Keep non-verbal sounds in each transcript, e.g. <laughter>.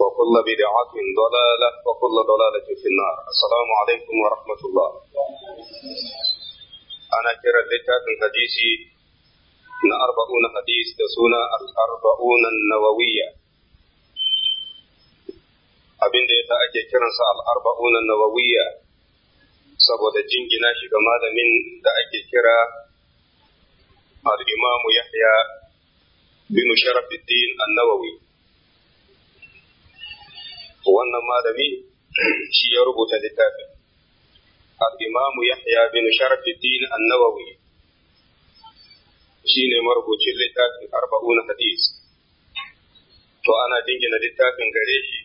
وكل بدعة ضلالة وكل ضلالة في النار السلام عليكم ورحمة الله أنا كرة ذكاة الحديثي من أربعون حديث تسونا الأربعون النووية أبين دي تأجي كرنسا أربعون النووية سبو دجين جناشي كمادة من تأجي كرة الإمام يحيى بن شرف الدين النووي wannan malami shi ya rubuta littafin al-imamu yahya bin din an-nawawi Shi ne marubucin littafin arba'un hadis to ana dingina littafin gare shi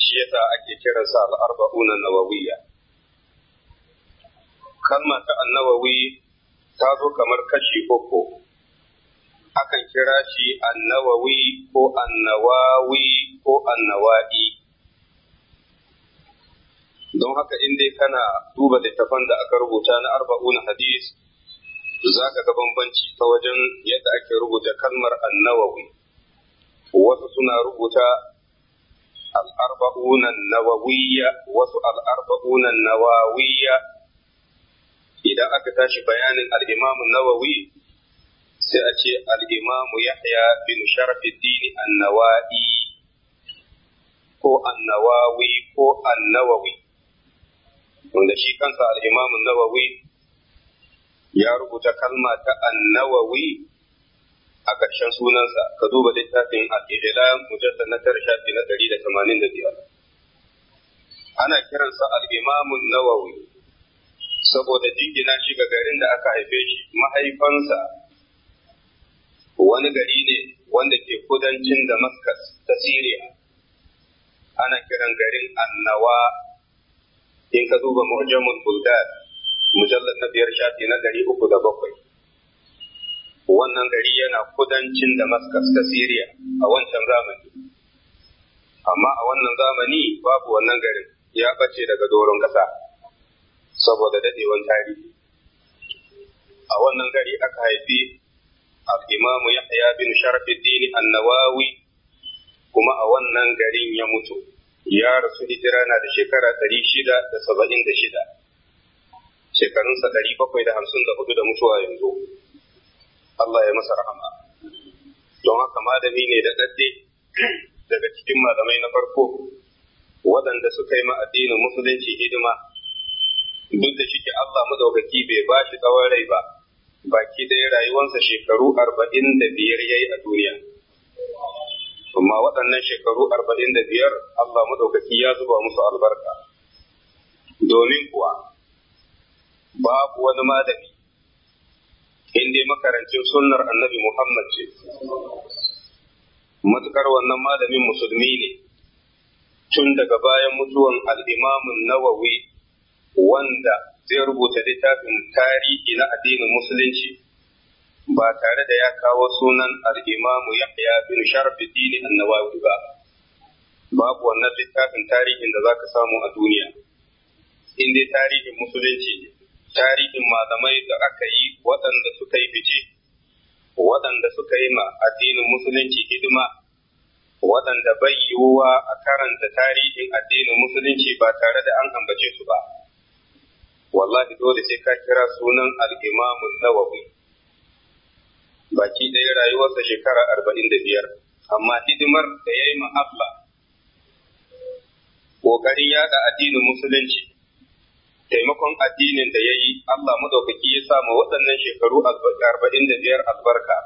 shi yasa ake sa al-arba'un an-nawawiyya kalma ta an-nawawi ta zo kamar kashi uku akan kira shi an-nawawi ko an-nawawi ko an don haka in dai kana duba littafan da aka rubuta na arba'una hadis za ka ga bambanci ta wajen yadda ake rubuta kalmar annawawi wasu suna rubuta al'arba'unan nawawiyya wasu al'arba'unan nawawiyya idan aka tashi bayanin al'imamun nawawi sai a ce al'imamu yahya bin sharafiddini annawa'i ko annawawi ko annawawi wanda shi kansa al nawawi ya rubuta kalma ta annawawi nawawi a ƙarshen sunansa ka duba littafin a ihlam mujallad na shafi na biyar. ana kiransa al nawawi saboda jingina shi ga garin da aka haife shi mahaifansa wani gari ne wanda ke kudancin Damascus ta Syria ana kiran garin Annawa in ka duba mu'jamul buldad mujallar na biyar shafi na gari uku da bakwai wannan gari yana kudancin damascus ta syria a wancan zamani amma a wannan zamani babu wannan garin ya bace daga doron ƙasa saboda daɗewan tarihi a wannan gari aka haifi al-imamu yahya bin sharafin dini annawawi kuma a wannan garin ya mutu ya rasu hijira na da shekara ɗari shida da saba'in da shida shekarunsa ɗari bakwai da hamsin da hudu da mutuwa yanzu Allah ya masa rahama don haka malami ne da ɗaɗɗe daga cikin malamai na farko waɗanda suka yi addinin musulunci hidima duk da shike Allah madaukaki bai ba shi tsawon rai ba baki ɗaya rayuwansa shekaru arba'in da biyar ya yi a duniya Ma waɗannan shekaru arba'in da biyar Allah maɗaukaki ya zuba musu albarka. Domin kuwa babu wani malami in dai makarancin sunnar annabi Muhammad ce. Matukar wannan malamin musulmi ne tun daga bayan mutuwan al'imamun nawawi wanda zai rubuta littafin tarihi na addinin musulunci ba tare da ya kawo sunan al-Imam Yahya bin Sharfuddin an-Nawawi ba babu wannan littafin tarihin da zaka samu a duniya inda tarihin musulunci ne tarihin malamai da aka yi waɗanda suka yi fice waɗanda suka yi ma addinin musulunci hidima waɗanda bai yiwuwa a karanta tarihin addinin musulunci ba tare da an ambace su ba wallahi dole sai ka kira sunan al-Imam an-Nawawi baki ɗaya rayuwarsa shekara arba'in da biyar amma hidimar da ya yi ma'afla ƙoƙarin yaɗa addinin musulunci taimakon addinin da ya yi Allah madaukaki ya sa ma waɗannan shekaru arba'in da biyar albarka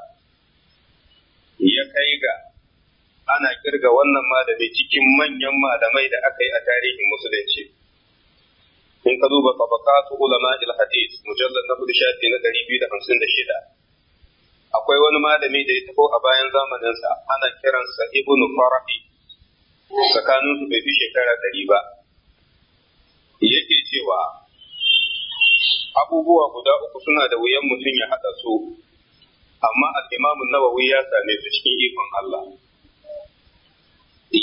ya kai ga ana kirga wannan malami cikin manyan malamai da aka yi a tarihin musulunci in ka duba tabaqatu ulama al-hadith mujallad na 4 shafi na 256 akwai wani malami da ya taho a bayan zamanin zamaninsa ana kiransa ibnu farahi tsakanin su bai fi shekara ɗari ba yake cewa abubuwa guda uku suna da wuyan mutum ya haɗa su amma al-imamu nawawi ya same su cikin ikon Allah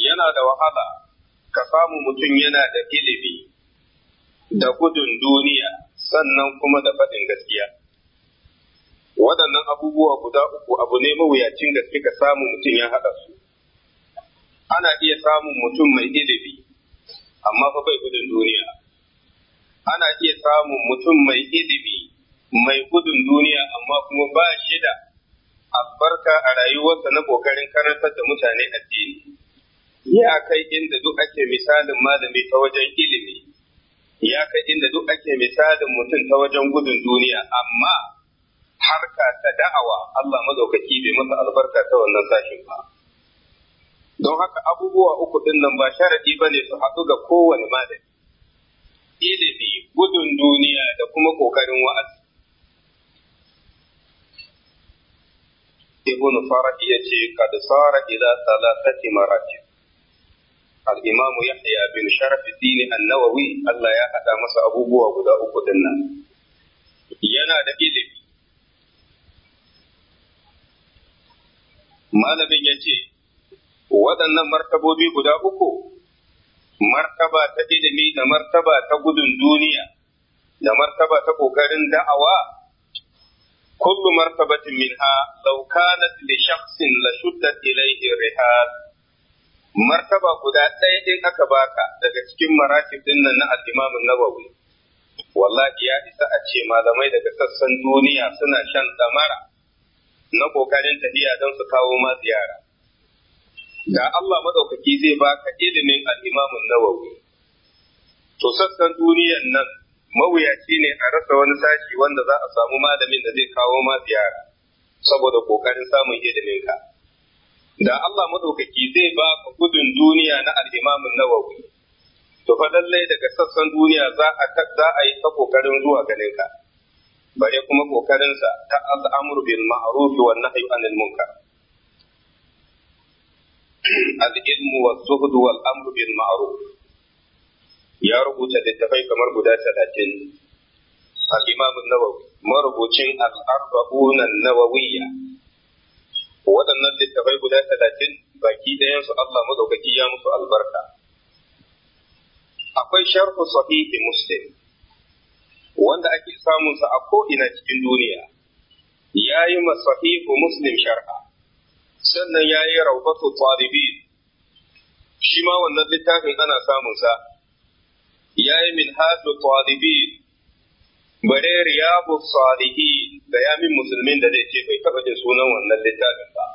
yana da wahala ka samu mutum yana da ilimi da gudun duniya sannan kuma da faɗin gaskiya waɗannan abubuwa guda uku abu ne mawuyacin da suka samu mutum ya haɗa su ana iya samun mutum mai ilimi amma fa bai gudun duniya ana iya samun mutum mai ilimi mai gudun duniya amma kuma ba shi da albarka a rayuwarsa na ƙoƙarin karantar da mutane addini ya kai inda duk ake misalin malami ta wajen ilimi ya kai inda duk ake misalin mutum ta wajen gudun duniya amma harka ta da'awa Allah mazaukaki bai masa albarka ta wannan sashin ba don haka abubuwa uku din nan ba sharadi ne su haɗu ga kowane malami ilimi gudun duniya da kuma kokarin wa'azi ibn farad ya ce kad sara ila salatati marati. al ya yahya bin sharaf din an-nawawi Allah ya hada masa abubuwa guda uku din nan yana da ilimi malamin ya ce waɗannan martabobi guda uku martaba ta ilimi da martaba ta gudun duniya da martaba ta ƙoƙarin da'awa kullu martabatin minha law kanat shaksin la shuddat ilayhi rihal martaba guda ɗaya din aka baka daga cikin maratib ɗin nan na al-Imam nawawi wallahi ya isa a ce malamai daga sassan duniya suna shan damara na kokarin tafiya don su kawo ma ziyara da Allah madaukaki zai baka ilimin al-Imamun Nawawi to sassan duniyan nan mawuyaci ne a rasa wani sashi wanda za a samu malamin da zai kawo ma ziyara saboda kokarin samun ilimin ka da Allah madaukaki zai baka gudun duniya na al-Imamun Nawawi to fa lallai daga sassan duniya za a yi ta kokarin zuwa ganin ka bare kuma kokarinsa ta al'amru bil ma'ruf wa nahyu anil munkar al-ilmu wa zuhdu wal amru bil ma'ruf ya rubuta littafai kamar guda talatin al-imam an-nawawi marubucin al-arba'un an-nawawiyya waɗannan littafai guda talatin baki ɗayansu Allah madaukaki ya musu albarka akwai sharhu sahihi muslim wanda ake samun sa a ko'ina cikin duniya ya yi masahihu muslim shar'a sannan ya yi raubatu talibin shi ma wannan littafin ana samun sa ya yi min hadu talibin bare riyabu salihin da min musulmin da zai ce bai taɓa jin sunan wannan littafin ba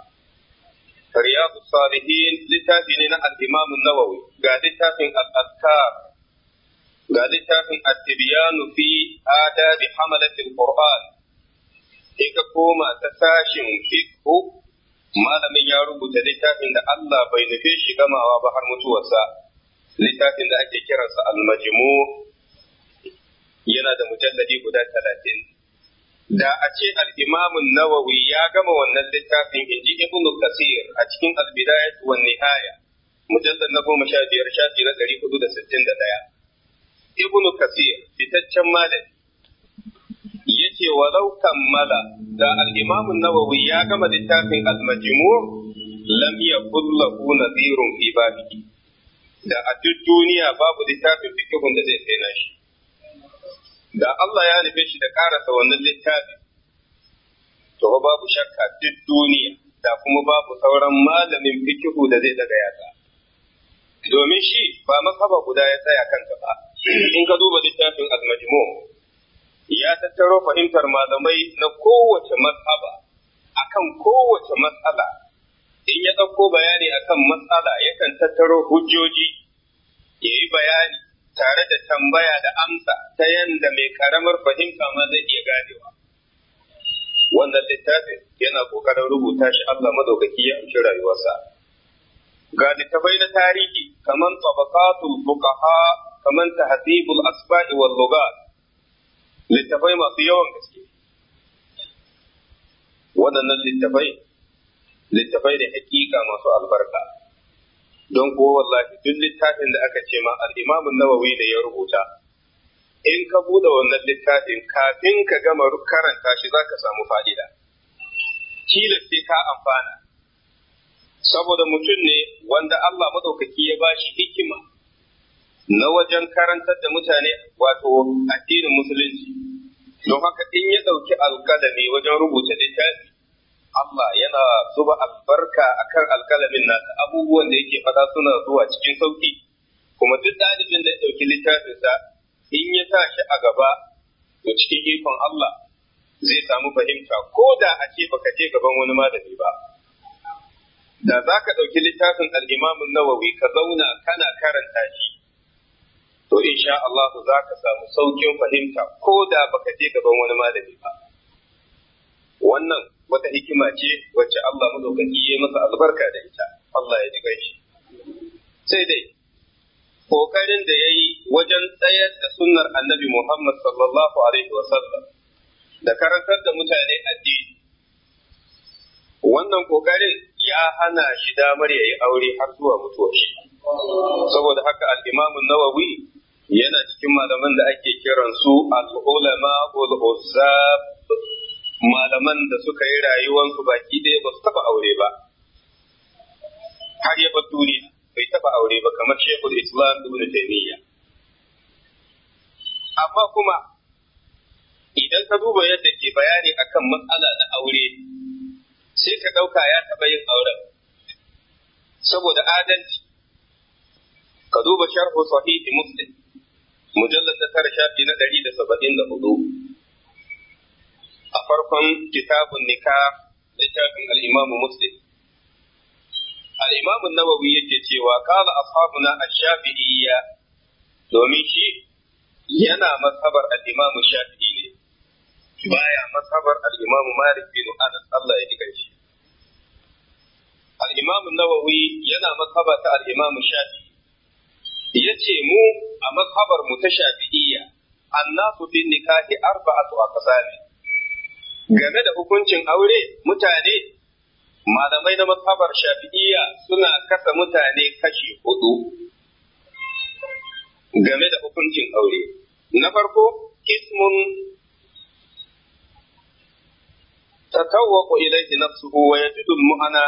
رياض الصالحين لتافي لنا الإمام النووي قال لتافي الأذكار ga littafin at-tibyanu fi adabi hamalatil qur'an sai ka koma ta sashin fiqh malamin ya rubuta littafin da Allah bai nufi shi gamawa ba har mutuwarsa littafin da ake kiransa al-majmu yana da mujalladi guda talatin da a ce al-imamun nawawi ya gama wannan littafin inji ibn kasir a cikin al-bidayat wan nihaya mujallad na goma sha biyar shafi na ɗari hudu da sittin da ɗaya ibn kasir fitaccen malami wa walau mala da al-imam nawawi ya gama littafin al-majmu' lam yakul lahu fi babihi da a duk duniya babu littafin fikihun da zai kai shi. da Allah ya nufe shi da karasa wannan littafin to babu shakka duk duniya da kuma babu sauran malamin fikihu da zai daga yatsa domin shi ba masaba guda ya tsaya kanta ba in ka duba littafin al-majmu ya tattaro fahimtar malamai na kowace mas'aba akan kowace mas'ala in ya ɗauko bayani akan matsala yakan tattaro hujjoji ya yi bayani tare da tambaya da amsa ta yadda mai karamar fahimta ma zai iya ganewa. Wannan littafin yana ƙoƙarin rubuta shi Allah madaukaki ya amshi rayuwarsa. Ga littafai na tarihi kamar tabaqatul fuqaha kamar manta asba'i wal lughat littafai masu yawan gaske waɗannan littafai littafai da hakika masu albarka don kuwa wallahi duk littafin da aka ce ma al-Imam nawawi da ya rubuta in ka buɗe wannan littafin kafin ka gama karanta shi za ka samu fa'ida tilas sai ka amfana saboda mutum ne wanda Allah maɗaukaki ya bashi hikima na wajen karantar da mutane wato addinin musulunci don haka in ya ɗauki alkalami wajen rubuta littafi Allah yana zuba albarka akan alkalamin nasa abubuwan da yake faɗa suna zuwa cikin sauki kuma duk ɗalibin da ya ɗauki littafinsa in ya tashi a gaba to cikin ikon Allah zai samu fahimta ko da a ce baka je gaban wani malami ba da za ka ɗauki littafin al'imamin nawawi ka zauna kana karanta shi in sha Allah za ka samu saukin fahimta ko da baka je gaban wani malami ba wannan wata hikima ce wacce Allah madaukaki ya masa albarka da ita Allah ya ji gaishe sai dai kokarin da ya yi wajen tsayar da sunnar Annabi Muhammad sallallahu alaihi wasallam da karantar da mutane addini wannan kokarin ya hana shi damar ya yi aure har zuwa mutuwa shi saboda haka al-Imam an-Nawawi yana cikin malaman da ake kiran su al-ulama malaman da suka yi rayuwansu baki ɗaya ba su taɓa aure ba har ya baturi bai taɓa aure ba kamar shekul islam ibn taymiyya amma kuma idan ka duba yadda ke bayani akan matsala na aure sai ka ɗauka ya taɓa yin auren saboda adalci ka duba sharhu sahihi muslim mujallar na tara shafi na ɗari da saba'in da hudu a farkon kitabun nika littafin al'imamu muslim al'imamun nawawi yake cewa kala ashabuna a shafi'iyya domin shi yana masabar al'imamu shafi'i ne baya masabar al'imamu malik anas Allah ya shi yana ta ya ce mu a mazhabar mu ta shafi'iyya annasu bin nikahi arba'atu aqsami game da hukuncin aure mutane malamai na mazhabar shafi'iyya suna kasa mutane kashi hudu game da hukuncin aure na farko ismun tatawwaqu ilayhi nafsuhu wa yajidu muhana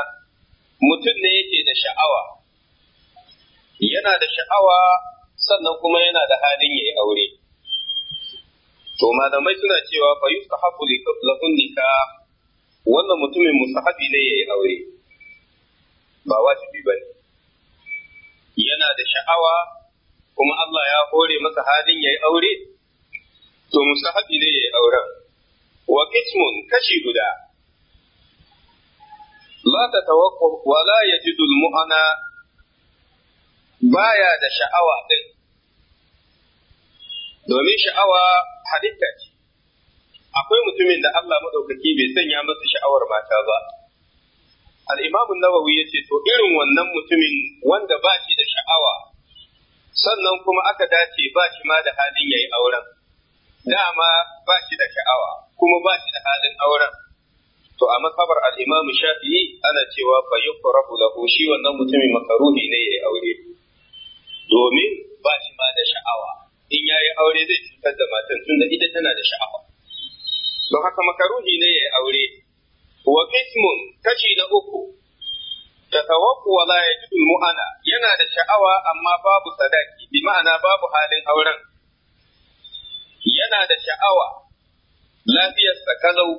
mutum ne yake da sha'awa yana da sha'awa sannan kuma yana da halin yayi aure to malamai suna cewa fa yusahabu lahun nikah wannan mutumin musahabi ne yayi aure ba wajibi bane yana da sha'awa kuma Allah ya hore masa halin yayi aure to musahabi ne yayi auren wa qismun kashi guda la tatawaqqa wa la yajidu al-mu'ana baya da sha'awa ɗin, domin sha'awa halitta ce, akwai mutumin da Allah maɗaukaki bai sanya masa sha'awar mata ba. Al'imamun Nawawi ya ce, To, irin wannan mutumin wanda ba shi da sha'awa, sannan kuma aka dace ba shi ma da halin ya yi auren, dama ba shi da sha'awa, kuma ba shi da halin auren. To, a masabar al'imamu Shafi'i ana cewa fa yi lahu shi wannan mutumin makaruhi ne ya yi aure. domin ba shi ma da sha'awa in ya yi aure zai cutar da matan da ita tana da sha'awa don haka makaruhi ne ya yi aure wa kismun kashi na uku tatawaqu wa la yajidu mu'ana yana da sha'awa amma babu sadaki bi ma'ana babu halin auren yana da sha'awa lafiyar sakalau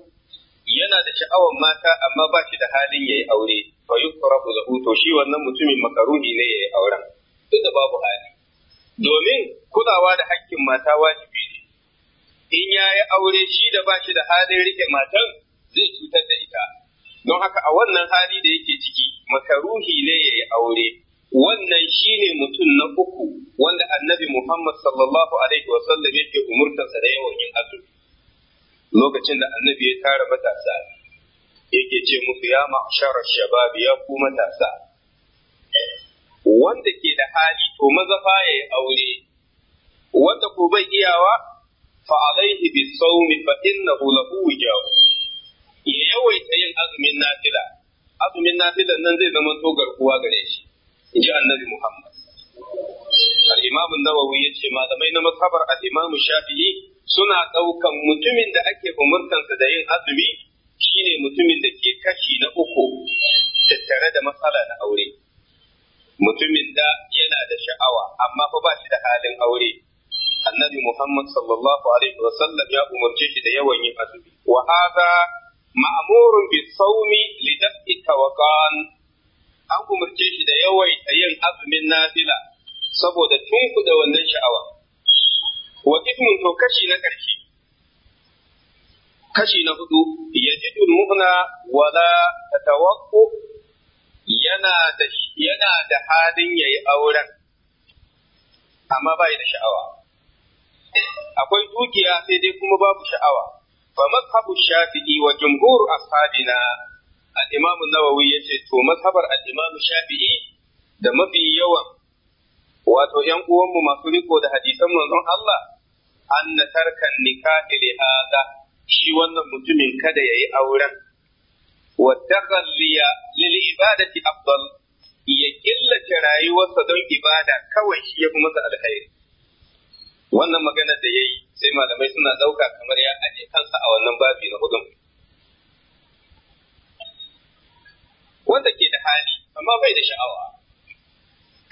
yana da sha'awar mata amma ba shi da halin ya yi aure fa ku lahu to shi wannan mutumin makaruhi ne ya yi auren duk da babu hali. Domin kulawa da hakkin mata wajibi ne. In ya yi aure shi da ba shi da halin rike matan zai cutar da ita. Don haka a wannan hali da yake ciki makaruhi ne ya yi aure. Wannan shi ne mutum na uku wanda annabi Muhammad sallallahu Alaihi wasallam yake umurtarsa da yawan yin azumi. Lokacin da annabi ya tara matasa yake ce musu ya ma'ashara shababi ya ku matasa. wanda ke da hali to mazafa ya yi aure wanda ko bai iyawa fa alaihi bi sawmi fa innahu lahu wijahu ya yawaita yin azumin nafila azumin nafilan nan zai zama to garkuwa gare shi in ji annabi Muhammad al-imam an-nawawi yace malamai na masabar al-imam shafi'i suna daukan mutumin da ake umurtansa da yin azumi shine mutumin da ke kashi na uku tattare da matsala na aure mutumin da yana da sha'awa amma fa ba shi da halin aure annabi Muhammad sallallahu alaihi ya umarce shi da yawan yin azumi wa hadha ma'murun bi sawmi li daf'i tawqan an umarce shi da yawai yin azumin nafila saboda tunku wannan sha'awa wa ismun to kashi na karshe kashi na hudu yajidul mu'na wala tatawaqqu yana da yana da halin yayi auren amma bai da sha'awa akwai dukiya sai dai kuma babu sha'awa fa mazhabu shafi'i wa jumhur ashabina al-imam an-nawawi yace to mazhabar al-imam shafi'i da mafi yawan wato ƴan uwanmu masu riko da hadisan manzon Allah anna tarkan nikahi li hada shi wannan mutumin kada yayi auren ya killace rayuwarsa don ibada kawai shi ya fi masa alkhairi? wannan magana da yayi sai malamai suna ɗauka kamar ya aje kansa a wannan babi na hudun wanda ke da hali amma bai da sha'awa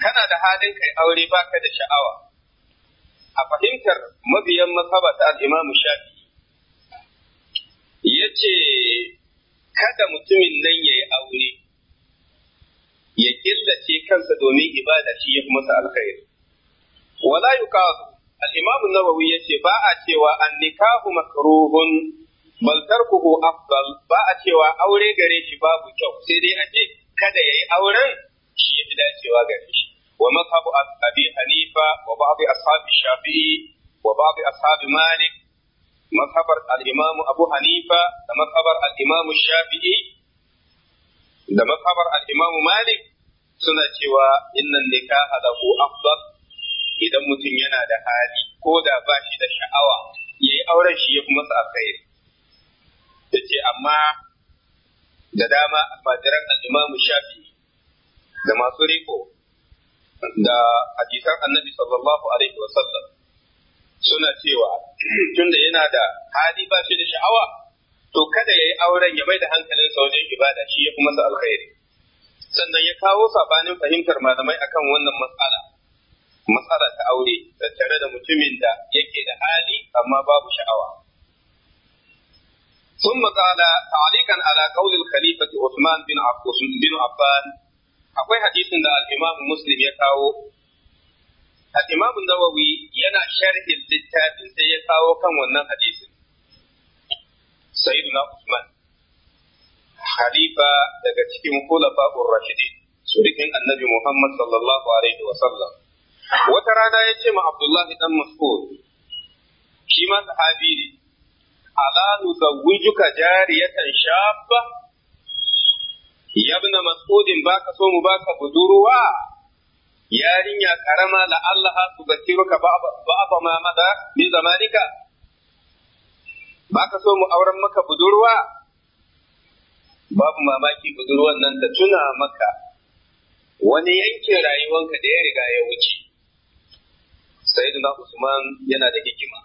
kana da halin kai aure baka da sha'awa a fahimtar mabiyan mazhaba ta al-Imam Ya yace kada mutumin nan ya yi aure ya killace kansa domin ibada shi ya fi masa alkhairi wala yuqadu al-imam an-nawawi yace ba a cewa an-nikahu makruhun bal tarkuhu afdal ba a cewa aure gare shi babu kyau sai dai a ce kada ya yi auren shi ya fi dacewa gare shi wa mazhabu abi hanifa wa babu ashab shafi'i wa babu ashab malik mazhabar al-Imam Abu Hanifa da mazhabar al-Imam Shafi'i da mazhabar al Malik suna cewa innan nikaha lahu afdal idan mutum yana da hali ko da bashi da sha'awa yayi auren shi ya kuma sa amma da dama almajiran al-Imam Shafi'i da masu riko da hadisan Annabi sallallahu alaihi wa sallam suna cewa <clears throat> tunda yana da hali ba shi da sha'awa to kada ya yi auren ya mai da hankalin wajen ibada shi ya fi masa alkhairi sannan ya kawo sabanin fahimtar malamai akan wannan matsala matsala ta aure tare da mutumin da yake da hali amma babu sha'awa ثم قال تعليقا على قول الخليفة عثمان bin عفان akwai hadisin da al-Imam Muslim ya kawo al-Imam Nawawi yana sharhin littafin sai ya kawo kan wannan hadisin Sayyidina Uthman khalifa daga cikin khulafa'ur rashidin surikin annabi Muhammad sallallahu alaihi wa sallam wata rana ya ce ma Abdullahi dan Mas'ud shi ma sahabi ne ala nuzawwijuka jariyatan baka so mu baka budurwa yarinya karama la Allah su basiruka ba'aba ma mada min zamanika ba ka so mu auren maka budurwa babu mamaki budurwan nan ta tuna maka wani yankin rayuwanka da ya riga ya wuce sayyidina Usman yana da hikima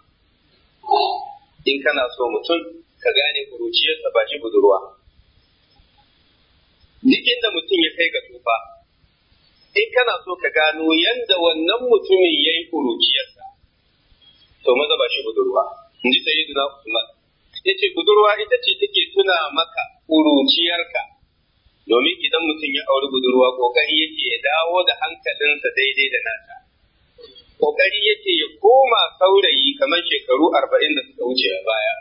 in kana so mutum ka gane kuruciyarsa ba budurwa duk inda mutum ya kai in kana so ka gano yadda wannan mutumin ya yi kuruciyarsa to maza ba shi budurwa in ji sai na Usman ya ce budurwa ita ce take tuna maka kuruciyarka domin idan mutum ya auri budurwa ƙoƙari yake ya dawo da hankalinsa daidai da nata kokari yake ya koma saurayi kamar shekaru arba'in da suka wuce a baya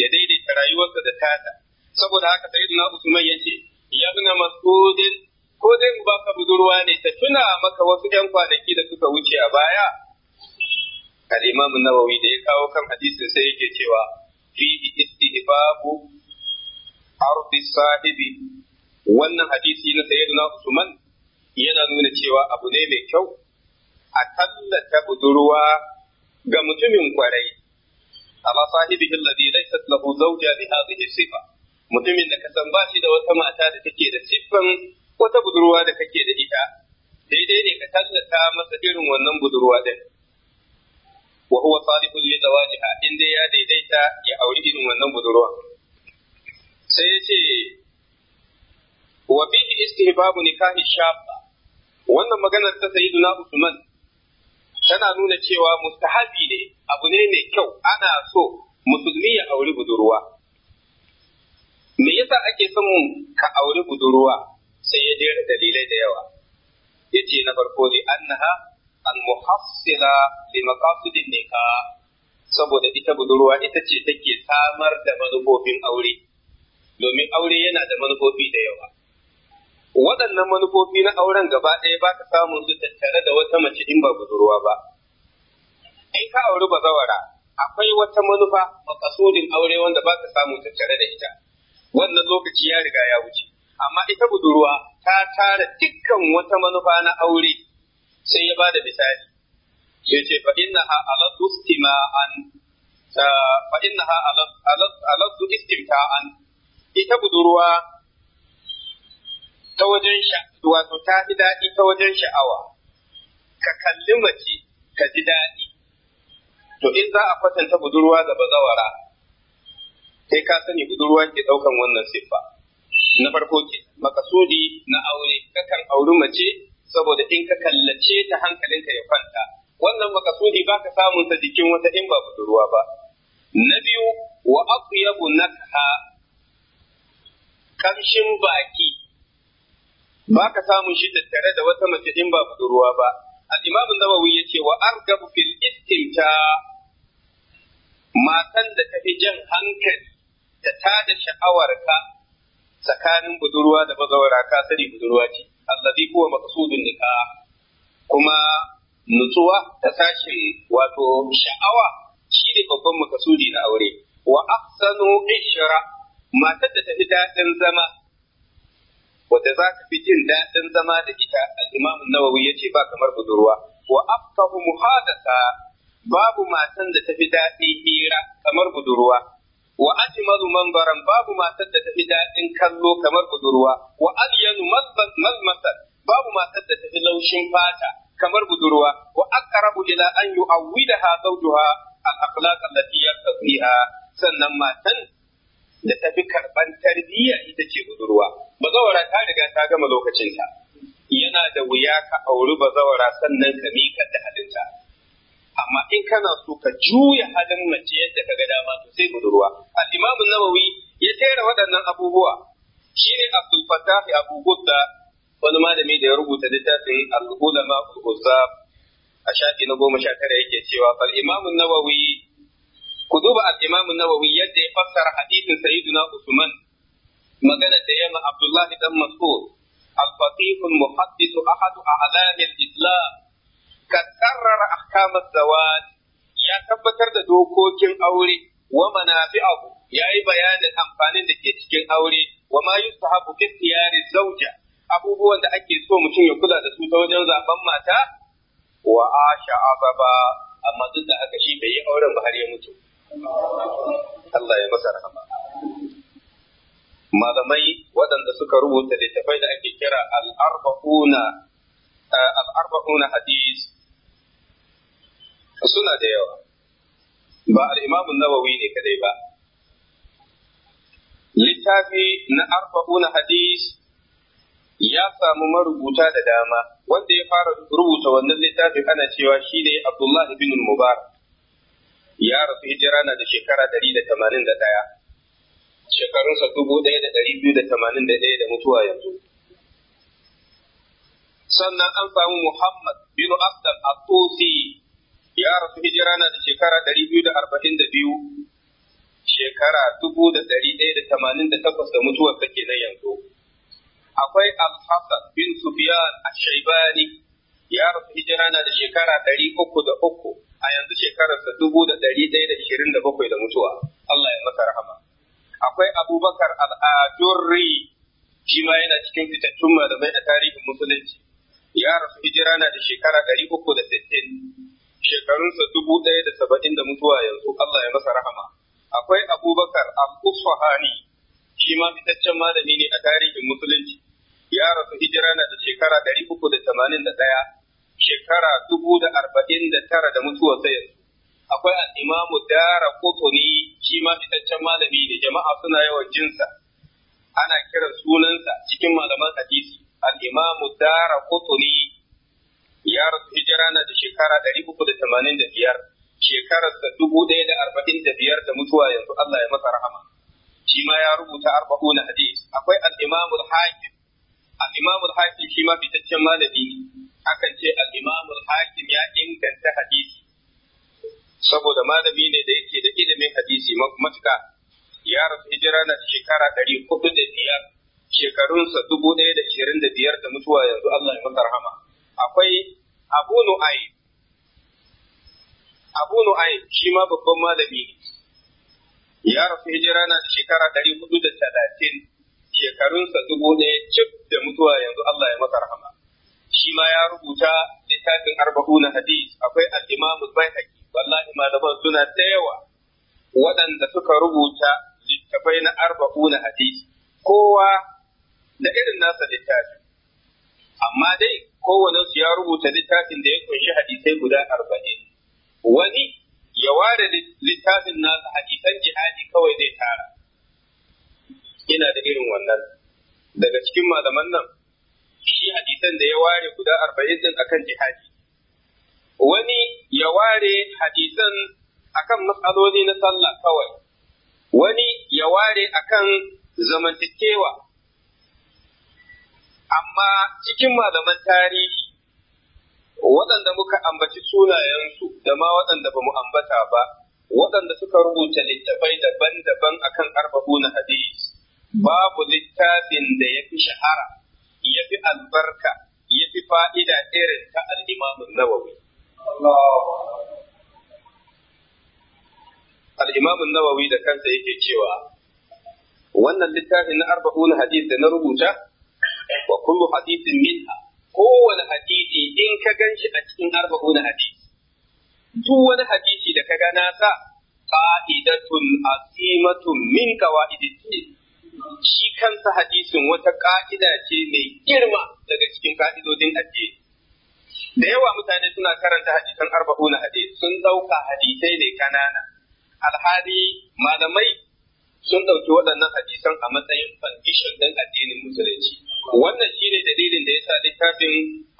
ya daidaita rayuwarsa da tata saboda haka sai na Usman ya ce yabna masudin ko zai mu baka budurwa ne ta tuna maka wasu ‘yan kwanaki da suka wuce a baya? an Nawawi da ya kawo kan hadisin sai yake cewa, fi istihbabu ardi sahibi wannan hadisi na sayyidina Usman yana nuna cewa abu ne mai kyau a tallata budurwa ga mutumin kwarai amma sahibi alladhi laysa lahu zawja bi hadhihi sifa mutumin da kasan ba shi da wata mata da take da sifan wata budurwa da kake da ita daidai ne ka tallata masa irin wannan budurwa din wa huwa salihun li zawajiha inda ya daidaita ya auri irin wannan budurwa sai ya ce wa bihi istihbabu nikahi shabba wannan maganar ta sayyiduna Usman tana nuna cewa mustahabi ne abu ne mai kyau ana so musulmi ya auri budurwa me yasa ake son ka auri budurwa sai ya jera dalilai da yawa yace na farko li annaha al muhassila li maqasidin saboda ita budurwa ita ce take samar da manufofin aure domin aure yana da manufofi da yawa waɗannan manufofi na auren gaba ɗaya ba ka samun su tattare da wata mace in ba budurwa ba in ka auri bazawara akwai wata manufa makasudin aure wanda ba ka samu tattare da ita wannan lokaci ya riga ya wuce amma ita budurwa ta tara dukkan wata manufa na aure sai ya bada misali sai ce fa innaha aladu istima'an fa innaha aladu istimta'an ita budurwa ta wajen sha wato ta fi daɗi ta wajen sha'awa ka kalli mace ka ji daɗi to in za a kwatanta budurwa da bazawara sai ka sani budurwa ke ɗaukan wannan siffa na farko ke makasudi na aure kakan auri mace saboda in ka kallace ta hankalinka ya kwanta wannan makasudi baka samun sa jikin wata in ba budurwa ba na biyu wa aqyabu nakha kamshin baki baka samun shi tattare da wata mace in ba budurwa ba al imamu nawawi yace wa argabu fil istimta matan da tafi jan hankali da tada sha'awarka tsakanin budurwa da bazawara ka sani budurwa ce allazi huwa maqsudun nikah kuma nutsuwa ta sashin wato sha'awa shi ne babban makasudi na aure wa ahsanu ishra matar da ta fi daɗin zama wadda za ka fi jin daɗin zama da ita al-imam nawawi yace ba kamar budurwa wa afqahu muhadatha babu matan da ta fi daɗin hira kamar budurwa wa ajmalu manbaran babu matar da ta fi daɗin kallo kamar budurwa wa alyanu malmasar babu matar da ta fi laushin fata kamar budurwa wa aqrabu ila an yu'awwidaha zawjuha al-akhlaq allati yaqtiha sannan matan da ta fi karban tarbiyya ita ce budurwa bazawara ta riga ta gama lokacinta yana da wuya ka auri bazawara sannan ka mika da hadinta amma in kana so ka juya halin mace yadda ka ga dama to sai budurwa al-imam an-nawawi ya tera waɗannan abubuwa shine abdul fatah abu gudda wani malami da ya rubuta littafin al-ulama al-uzzab a shafi na goma sha tara yake cewa fal imam an-nawawi ku duba al-imam an-nawawi yadda ya fassara hadisin sayyidina usman magana da yamma abdullahi dan mas'ud al-faqih al-muhaddith ahadu a'lam islam kad karrara ahkamat zawad ya tabbatar da dokokin aure wa abu ya yi bayanin amfanin da ke cikin aure wa ma yustahabu fi tiyari zauja abubuwan da ake so mutum ya kula da su ta wajen zaben mata wa asha ababa amma duk da aka shi bai yi auren ba har ya mutu Allah ya masa rahama malamai waɗanda suka rubuta littafai da ake kira al-arba'una eh, al-arba'una hadis suna da yawa ba al'imamun nawawi ne kadai ba littafi na arba'una hadis ya samu marubuta da dama wanda ya fara rubuta wannan littafin ana cewa shi ne abdullahi bin mubarak ya rasu hijira na da shekara 181 shekarunsa 1281 da mutuwa yanzu sannan an samu muhammad bin abdul atusi ya rasu hijira na da shekara ɗari biyu da da arba'in biyu, shekara dubu da da da da tamanin takwas mutuwar ta kenan yanzu akwai al-Hasan bin Sufyan ash-Shaybani ya rasu hijira na da shekara uku da uku, a yanzu shekarar sa dubu da da da da bakwai mutuwa Allah ya masa rahama akwai Abubakar al-Ajurri shi ma yana cikin fitattun malamai a tarihin musulunci ya rasu hijira na da shekara uku da 360 shekarunsa dubu ɗaya da saba'in da mutuwa yanzu Allah ya masa rahama. Akwai Abubakar Al-Usfahani, shi ma fitaccen malami ne a tarihin Musulunci. Ya rasu hijira na da shekara ɗari uku da tamanin da ɗaya, shekara dubu da arba'in da tara da mutuwa sai yanzu. Akwai al'imamu Dara Kotoni, shi ma fitaccen malami ne jama'a suna yawan jinsa. Ana kiran sunansa cikin malaman hadisi, al'imamu Dara Kotoni ya rasu hijira na da shekara ɗari uku da tamanin da biyar shekararsa dubu ɗaya da arba'in da biyar da mutuwa yanzu Allah ya masa rahama shi ma ya rubuta na hadis akwai al-imamu al-hakim al-imamu al-hakim shi ma fitaccen malami ne akan ce al-imamu al-hakim ya inganta hadisi saboda malami ne da yake da ilimin hadisi matuƙa ya rasu hijira na shekara ɗari uku da biyar shekarunsa dubu ɗaya da ashirin da biyar da mutuwa yanzu Allah ya masa rahama akwai Abu Nu'aym Abu Nu'aym shi ma babban malami ne ya rasu hijira na shekara ɗari hudu da talatin shekarunsa dubu ɗaya cif da mutuwa yanzu Allah ya masa rahama shi ma ya rubuta littafin na hadis akwai al-Imam al-Baihaqi wallahi malaman suna da yawa waɗanda suka rubuta littafai na arba'u na hadis kowa da irin nasa littafi amma dai kowane su ya rubuta littafin da ya kunshi hadisai guda arba'in wani ya ware littafin nasa hadisan jihadi kawai zai tara ina da irin wannan daga cikin malaman nan shi hadisan da ya ware guda arba'in din akan jihadi wani ya ware hadisan akan matsaloli na sallah kawai wani ya ware akan zamantakewa amma cikin malaman tarihi waɗanda muka ambaci sunayensu da ma waɗanda ba mu ambata ba waɗanda suka rubuta littafai daban-daban akan arba'una hadis babu littafin da ya fi shahara ya fi albarka ya fi fa'ida irin ta al'imamun nawawi al'imamun nawawi da kansa yake cewa wannan littafin na arba'una hadis da na rubuta wa kullu hadithin minha kowane hadisi in ka ganshi a cikin arba'u na hadisi duk wani hadisi da ka gana sa qa'idatun azimatun min qawaidid shi kansa hadisin wata ka'ida ce mai girma daga cikin ka'idodin addini da yawa mutane suna karanta hadisan na hadisi sun dauka hadisai ne kanana alhali malamai sun ɗauki waɗannan hadisan a matsayin foundation ɗin addinin musulunci. Wannan shine dalilin da ya sa littafin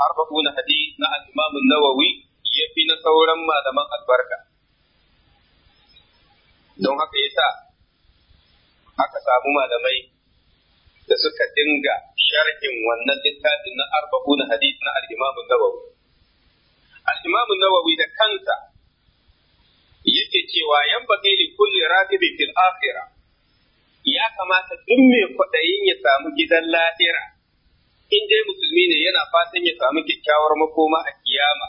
arba'u na hadith na al-Imam Nawawi ya fi na sauran malaman albarka. Don haka ya sa aka samu malamai da suka dinga sharhin wannan littafin na arba'u na hadith na al-Imam Nawawi. Al-Imam Nawawi da kansa yake cewa yan bagili kulli rakibin fil akhirah ya kamata duk mai kwaɗayin ya samu gidan lahira in dai musulmi ne yana fatan ya samu kyakkyawar makoma a kiyama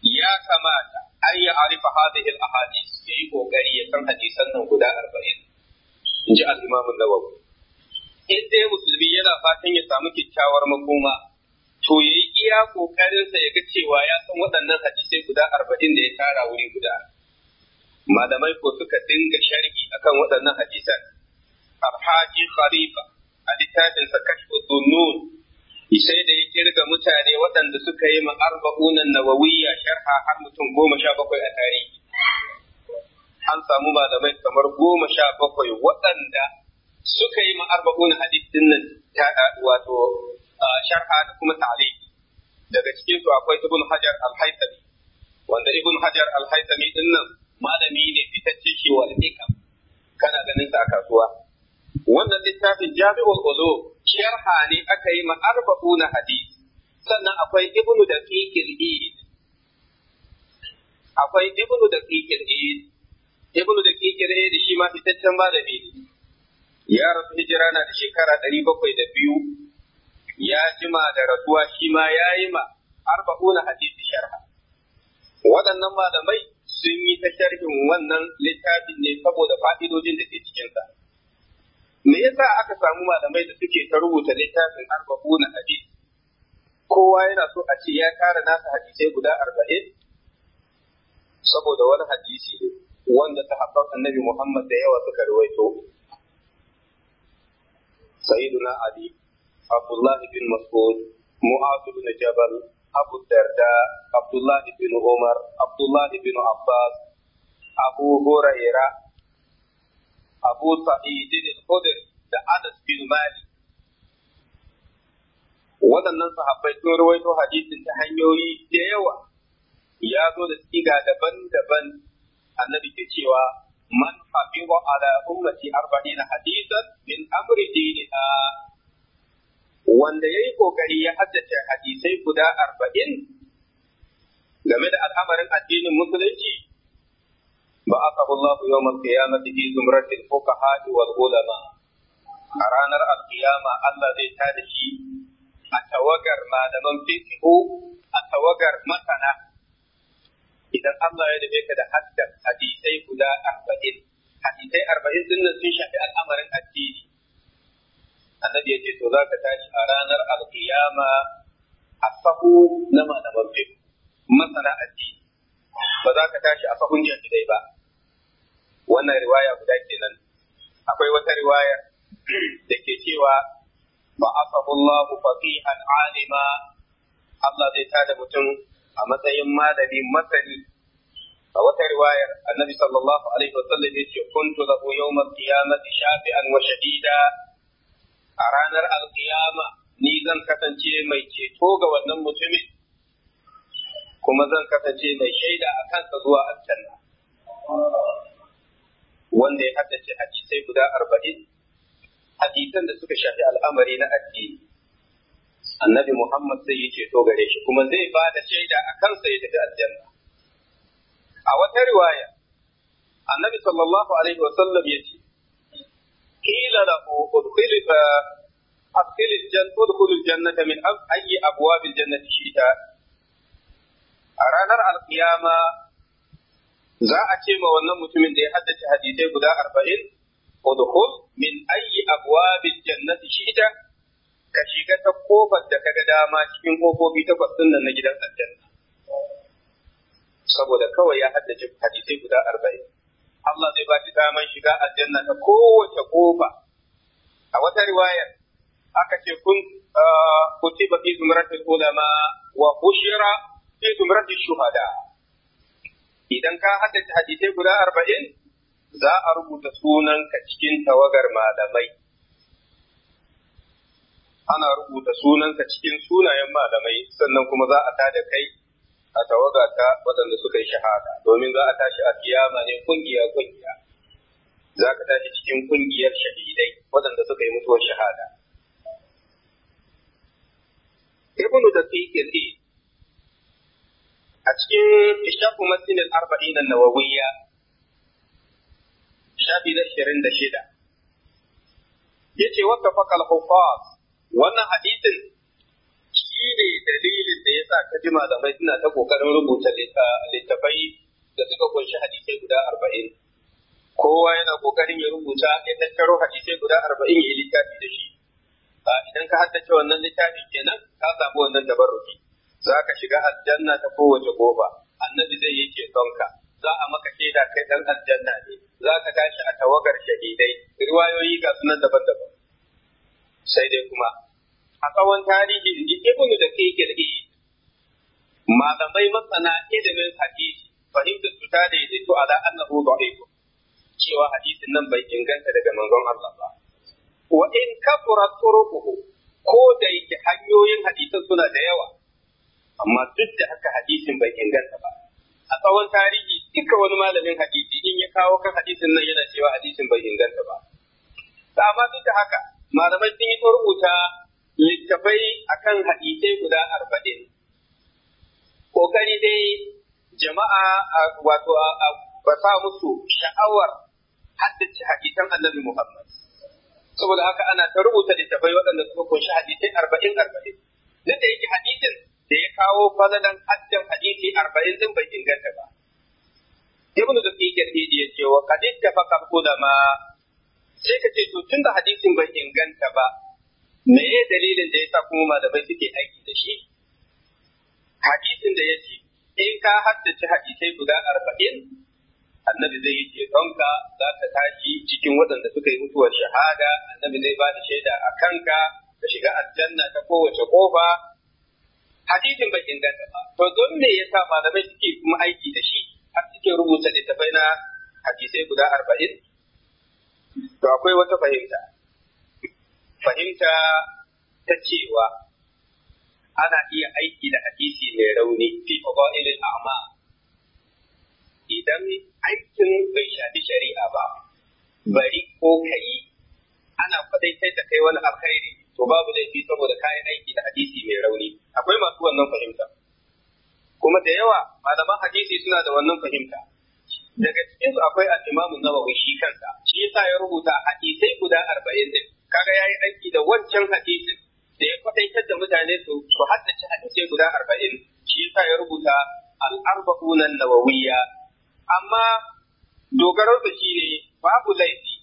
ya kamata an yi arifa haɗa al hadis ya yi ƙoƙari ya san hadisan nan guda arba'in in ji al-imam nawawi in dai musulmi yana fatan ya samu kyakkyawar makoma to ya yi iya ƙoƙarinsa ya ga cewa ya san waɗannan hadisai guda arba'in da ya tara wuri guda malamai ko suka dinga sharhi akan waɗannan hadisan abhaji kharifa a littafin sa kashfu dunun sai da ya kirga mutane waɗanda suka yi ma arba'unan nawawiyya sharha har mutum goma sha bakwai a tarihi an samu malamai kamar goma sha bakwai waɗanda suka yi ma arba'unan hadisin nan wato sharha da kuma ta'aliki daga cikinsu su akwai ibn hajar al-haythami wanda ibn hajar al-haythami din nan malami ne fitacce shi wa hikam kana ganin sa a kasuwa wannan littafin jami'ul ulu sharha ne aka yi ma arba'una hadisi sannan akwai ibnu da id akwai ibnu da id ibnu da id shi ma fitaccen malami ne ya rasu hijira na da shekara ɗari bakwai da biyu ya jima da rasuwa shi ma ya yi ma arba'una hadisi sharha waɗannan malamai sun yi ta sharhin wannan littafin ne saboda fa'idojin da ke cikinsa. Me yasa aka samu malamai da suke ta rubuta littafin arba'u na hadis? Kowa yana so a ce ya kara nasa hadisai guda arba'in? Saboda wani hadisi ne wanda sahabban annabi Muhammad da yawa suka ruwaito. Sayyiduna Ali, Abdullahi bin Mas'ud, Mu'adu bin Jabal, Abu Darda, Abdullah ibn Umar, Abdullah ibn Abbas, Abu Huraira, Abu Sa'id al-Khudri da Anas bin Malik. Waɗannan sahabbai sun rawaito hadisin ta hanyoyi da yawa ya zo da siga daban-daban annabi ke cewa man hafiwa ala ummati arba'ina hadisan min amri diniha wanda ya yi ƙoƙari ya haddace hadisai guda arba'in game da al'amarin addinin musulunci ba a kabullahu yau mal kiyamati fi ka fuqaha wal ulama a ranar alkiyama Allah zai tada shi a tawagar malaman fiqhu a tawagar masana idan Allah ya dame ka da haddan hadisai guda arba'in hadisai arba'in din sun shafi al'amarin addini annabi yace to za ka tashi a ranar alkiyama a sahu na malaman fiqh masana addini ba za ka tashi a sahun jahilai ba wannan riwaya guda kenan akwai wata riwaya da ke cewa ba asabullahu faqihan alima Allah zai tada mutum a matsayin malami masani a wata riwayar annabi sallallahu alaihi wasallam yace kuntu zaɓo lahu yawmal mafi shafi'an wa shadida a ranar alkiyama ni zan kasance mai ceto ga wannan mutumin kuma zan kasance mai shaida a kansa zuwa aljanna wanda ya haddace hadisai guda arba'in hadisan da suka shafi al'amari na addini annabi muhammad zai yi ceto gare shi kuma zai ba da shaida a kansa ya tafi aljanna a wata riwaya annabi sallallahu alaihi wasallam ya ce قيل له ادخل ادخل من شئت ranar alkiyama za a ce ma wannan mutumin da ya haddace hadisai guda arba'in udkhul min ayyi abwabil jannati shi'ta ka shiga ta kofar da kaga dama cikin kofofi takwas din nan na gidan aljanna saboda kawai ya haddace hadisai guda arba'in Allah zai ba shi daman shiga aljanna ta kowace kofa a wata riwayar aka ce kun uh, kutiba fi zumratil ulama wa bushira fi zumratil shuhada idan ka haddace hadisai guda arba'in za a rubuta sunanka cikin tawagar malamai ana rubuta sunanka cikin sunayen malamai sannan kuma za a tada kai a tawaga ta waɗanda suka yi shahada domin za a tashi a kiyama ne kungiya kungiya za ka tashi cikin kungiyar shahidai waɗanda suka yi mutuwar shahada ibnu da ce a cikin ishaku masinin arba'in na nawawiya shafi na ashirin da shida ya ce wata fakal hufaz wannan hadisin shi ne dalilin da ya sa ka ji malamai suna ta kokarin rubuta littafai da suka kunshi hadisai guda arba'in. Kowa yana kokarin ya rubuta ya tattaro hadisai guda arba'in ya yi littafi da shi. Idan ka haddace wannan littafin kenan ka samu wannan tabarruki. Za ka shiga aljanna ta kowace ƙofa? Annabi zai yi ka. Za a maka shaida kai dan aljanna ne. Za ka tashi a tawagar shahidai. Riwayoyi ga sunan daban-daban. Sai dai kuma a tsawon tarihin, inji ibnu da ke da malamai masana ilimin hadisi fahimtar su ta daidaito ala annahu da'ifu cewa hadisin nan bai inganta daga manzon Allah ba wa in kafura turuquhu ko da yake hanyoyin hadisan suna da yawa amma duk da haka hadisin bai inganta ba a tsawon tarihi duka wani malamin hadisi in ya kawo kan hadisin nan yana cewa hadisin bai inganta ba amma duk da haka malamai sun yi rubuta littafai akan hadisai guda arba'in. Kokari dai jama'a wato ba sa musu sha'awar haddace hadisan annabi Muhammad. Saboda haka ana ta rubuta littafai waɗanda suka kunshi hadisai arba'in arba'in. Duk da yake hadisin da ya kawo falalan haddan hadisi arba'in din bai inganta ba. Ibn Zakiy Kirmidi ya ce wa qad ittafaqa al-ulama sai ka ce to tunda hadisin bai inganta ba me ya dalilin da ya sa kuma malamai suke aiki da shi hadisin da ya ce in ka haddace hadisai guda arba'in annabi zai yi cetonka za ka tashi cikin waɗanda suka yi mutuwar shahada annabi zai ba da shaida a kanka ka shiga aljanna ta kowace kofa hadisin bai inganta ba to don me sa malamai suke kuma aiki da shi har suke rubuta littafai na hadisai guda arba'in to akwai wata fahimta fahimta ta cewa ana iya aiki da hadisi mai rauni fi fadailil a'ma idan aikin bai shafi shari'a ba bari ko kayi ana kwadaitar da kai wani alkhairi to babu laifi saboda kayan aiki da hadisi mai rauni akwai masu wannan fahimta kuma da yawa malaman hadisi suna da wannan fahimta daga cikinsu akwai al-imamu nawawi shi kansa shi yasa ya rubuta hadisai guda arba'in din kaga yayi aiki da wancan hadisin da ya faɗaitar da mutane su su haddace hadisai guda arba'in shi yasa ya rubuta al-arba'una nawawiyya amma dogaro da shi ne babu laifi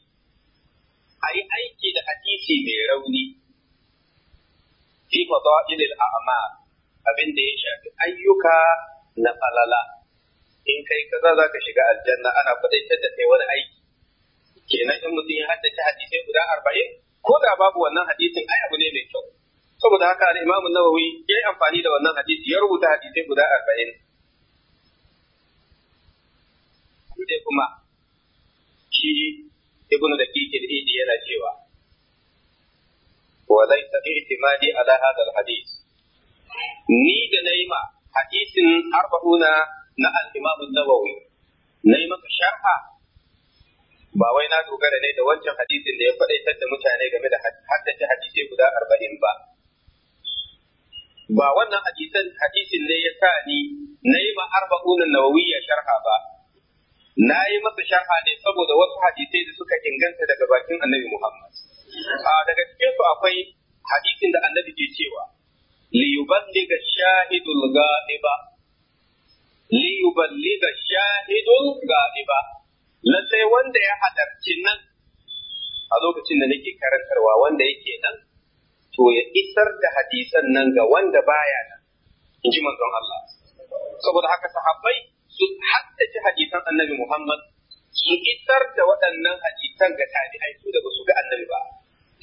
a yi aiki da hadisi mai rauni fi fadailil a'ma abin da ya shafi ayyuka na falala in kai kaza za ka shiga aljanna ana faɗaitar da kai wani aiki kenan in mutum ya haddace hadisai guda arba'in ko da babu wannan hadisin ai abu ne mai kyau saboda haka al Imam Nawawi ya yi amfani da wannan hadisi ya rubuta hadisai guda 40 sai kuma shi ibnu daqiq al-Idi yana cewa wa laysa i'timadi ala hadha al-hadith ni da naima hadisin arba'una na al-Imam Nawawi naima sharha ba wai na dogara ne da wancan hadisin da ya faɗaitar da mutane game da haddace hadisai guda arba'in ba ba wannan hadisin ne ya sa ni na yi ma arba'unan nawawiyya sharha ba na yi masa sharha ne saboda wasu hadisai da suka inganta daga bakin annabi Muhammad. Daga cikin su akwai hadisin da annabi ke cewa, liyuballiga shahidul ga'iba, liyuballiga shahidul ga'iba, lallai wanda ya halarci nan a lokacin da nake karantarwa wanda yake nan to ya isar da hadisan nan ga wanda baya nan in ji manzon Allah saboda haka sahabbai su haddace hadisan annabi Muhammad su isar da waɗannan hadisan ga tabi'ai su da su ga annabi ba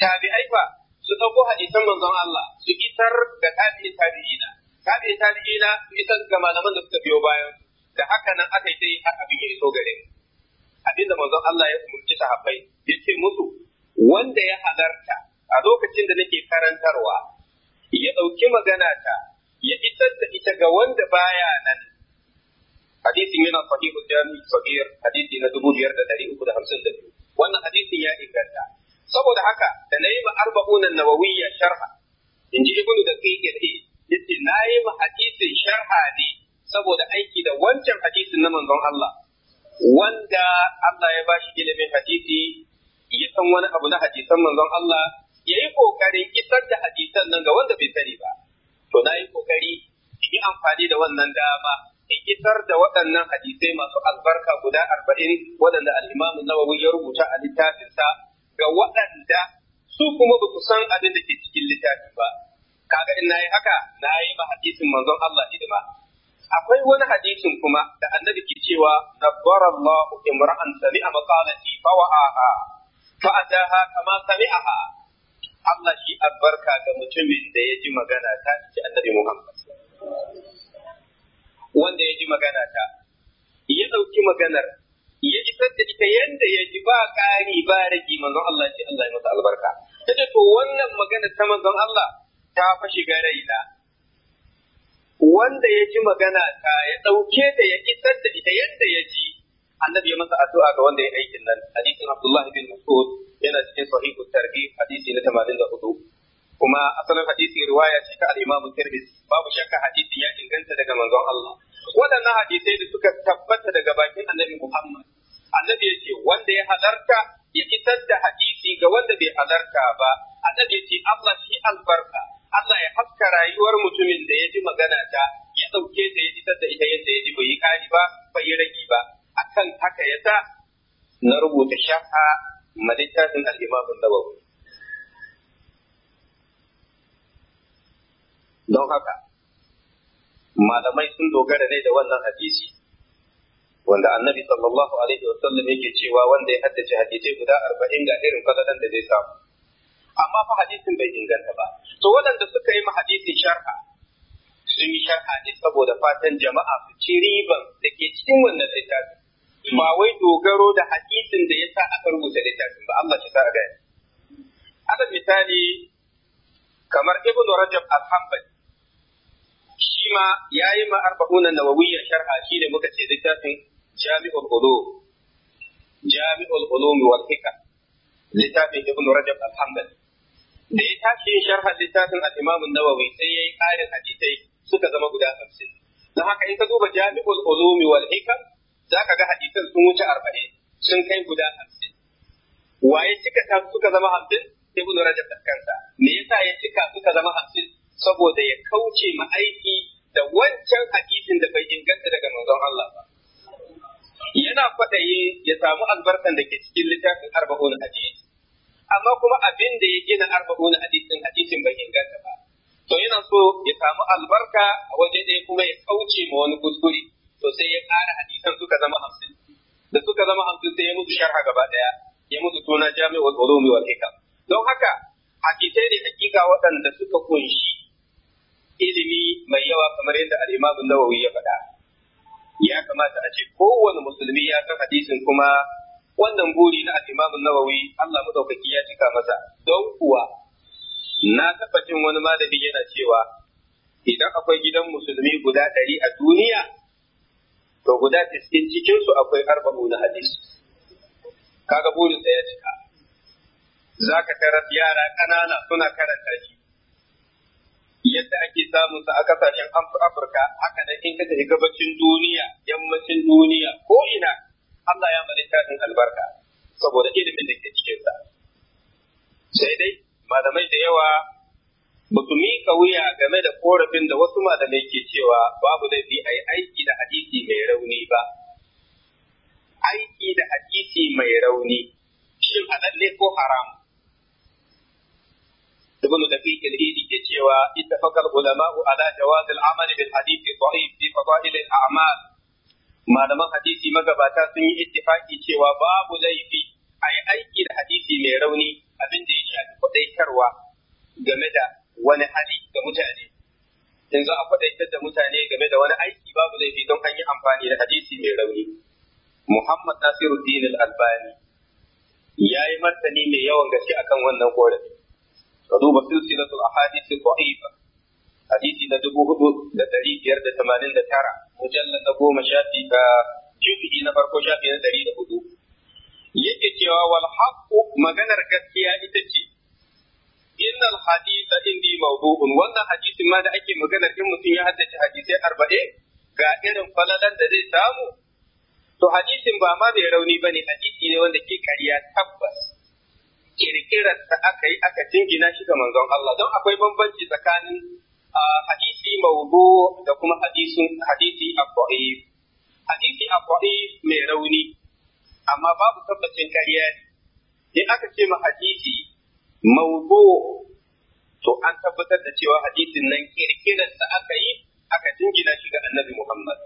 tabi'ai ba su ɗauko hadisan manzon Allah su isar ga tabi'i tabi'ina tabi'i tabi'ina su isar ga malaman da suka biyo bayan da haka nan aka yi yi har abin ya so gare mu abinda manzon Allah ya umurci sahabbai yace musu wanda ya halarta a lokacin da nake karantarwa ya ɗauki magana ta ya isar da ita ga wanda baya nan hadisin yana sahihu jami sahih hadisi na 5352 wannan hadisin ya inganta saboda haka da nayi ma arba'una nawawiyya sharha inji ibnu da qiqi yace nayi ma hadisin sharha ne saboda aiki da wancan hadisin na manzon Allah wanda Allah ya bashi ilimin hadisi ya san wani abu na hadisan manzon Allah ya yi kokarin isar da hadisan nan ga wanda bai sani ba to na yi kokari in yi amfani da wannan dama in isar da waɗannan hadisai masu albarka guda arba'in waɗanda al-Imam Nawawi ya rubuta a littafinsa ga waɗanda su kuma ba su san abin da ke cikin littafin ba kaga in nayi haka nayi ma hadisin manzon Allah hidima akwai wani hadisin kuma da annabi ke cewa dabbara Allah imra'an sami'a maqalati fa wa'aha fa ataha kama sami'aha Allah shi albarka ga mutumin da ya ji magana ta ci annabi Muhammad wanda ya ji magana ta ya dauki maganar ya isar da ita yadda ya ji ba ƙari ba rage manzon Allah shi Allah ya masa albarka ta to wannan magana ta manzon Allah ta fashi ga raina wanda ya ji magana ta ya ɗauke ta ya isar da ita yadda ya ji annabi ya masa addu'a ga wanda ya aikin nan hadisin Abdullah bin Mas'ud yana cikin sahihu tarbi hadisi na 84 kuma asalin hadisi riwaya ce ta al-Imam Tirmidhi babu shakka hadisin ya inganta daga manzon Allah waɗannan hadisai da suka tabbata daga bakin annabi Muhammad annabi ya ce wanda ya halarta ya fitar da hadisi ga wanda bai halarta ba annabi ya ce Allah shi albarka Allah ya haska rayuwar mutumin da ya ji magana ta ya ɗauke ta ya ji da ita yadda ya ji bai yi kari ba bai yi ragi ba akan haka ya sa na rubuta shafa malittafin da nawawi don haka malamai sun dogara ne da wannan hadisi wanda annabi sallallahu alaihi wasallam yake cewa wanda ya haddace hadisai guda arba'in ga irin fadalan da zai samu amma fa hadisin bai inganta ba to waɗanda suka yi ma hadisi sharha sun yi sharha ne saboda fatan jama'a su ci riban da ke cikin wannan littafin ba wai dogaro da hadisin da ya sa aka rubuta littafin ba Allah ya sa gani alal misali kamar Ibn rajab al-hanbali shi ma ya yi ma arba'una nawawiyya sharha shi ne muka ce littafin jami'ul ulum jami'ul ulum wal hikam littafin ibnu rajab al-hanbali da ya tashi yin sharhar littafin al-Imam an-Nawawi sai yayi ƙarin hadisai suka zama guda 50 don haka in ka duba Jami'ul Ulumi wal Hikam zaka ga hadisan sun wuce 40 sun kai guda 50 waye cika ta suka zama 50 Ibn Rajab da kansa me yasa ya cika suka zama 50 saboda ya kauce ma aiki da wancan hadisin da bai inganta daga manzon Allah ba yana kwaɗayi ya samu albarkan da ke cikin littafin arba'un hadisi amma kuma abin da ya gina arba'una hadisin hadisin bai inganta ba to yana so ya samu albarka a waje ɗaya kuma ya kauce ma wani kuskure to sai ya ƙara hadisan suka zama hamsin da suka zama hamsin sai ya mutu sharha gaba ɗaya ya mutu suna jami'ul ulumi wal hikam don haka hadisai ne hakika waɗanda suka kunshi ilimi mai yawa kamar yadda al-Imam Nawawi ya faɗa ya kamata a ce kowane musulmi ya san hadisin kuma wannan buri na al-Imam nawawi Allah madaukaki ya cika masa don kuwa na taɓa wani malami yana cewa idan akwai gidan musulmi guda ɗari a duniya to guda cikin cikinsu akwai arba'u na hadis kaga burin ya cika za tarar yara kanana suna karanta shi yadda ake samun sa a kasashen Afirka haka na in ka tafi gabacin duniya yammacin duniya ko ina Allah ya mali tafin albarka saboda ilimin da ke cikin cikinsa. Sai dai malamai da yawa ba su miƙa wuya game da korafin da wasu malamai ke cewa babu laifi a yi aiki da hadisi mai rauni ba. Aiki da hadisi mai rauni shin halalle ko haram? ابن دقيق الهيدي كتشيوا اتفق العلماء على جواز العمل بالحديث الضعيف في فضائل الأعمال malaman hadisi magabata sun yi ittifaki cewa babu laifi a yi aiki da hadisi mai rauni abin da ya shafi kwaɗaitarwa game da wani hali ga mutane In za a kwaɗaitar da mutane game da wani aiki babu laifi don an yi amfani da hadisi mai rauni Muhammad Nasiruddin Al-Albani ya yi martani mai yawan gaske akan wannan korafi ka duba silsilatul ahadith da'ifa hadisi na dubu hudu da dari biyar da tamanin da tara mujallar na goma shafi ka jufi na farko shafi na ɗari da hudu yake cewa wal haqqu maganar gaskiya ita ce innal haditha indi mawdu'un wannan hadisin ma da ake maganar in mutum ya haddace hadisai arba'in ga irin falalan da zai samu to hadisin ba ma mai rauni bane hadisi ne wanda ke kariya tabbas kirkirar ta aka yi aka jingina shi ga manzon Allah don akwai bambanci tsakanin hadisi mawdu da kuma hadisin hadisi abdu'if hadisi abdu'if mai rauni amma babu tabbacin kariya ne in aka ce ma hadisi to an tabbatar da cewa hadisin nan kirkirar da aka yi aka jingina shi ga annabi Muhammad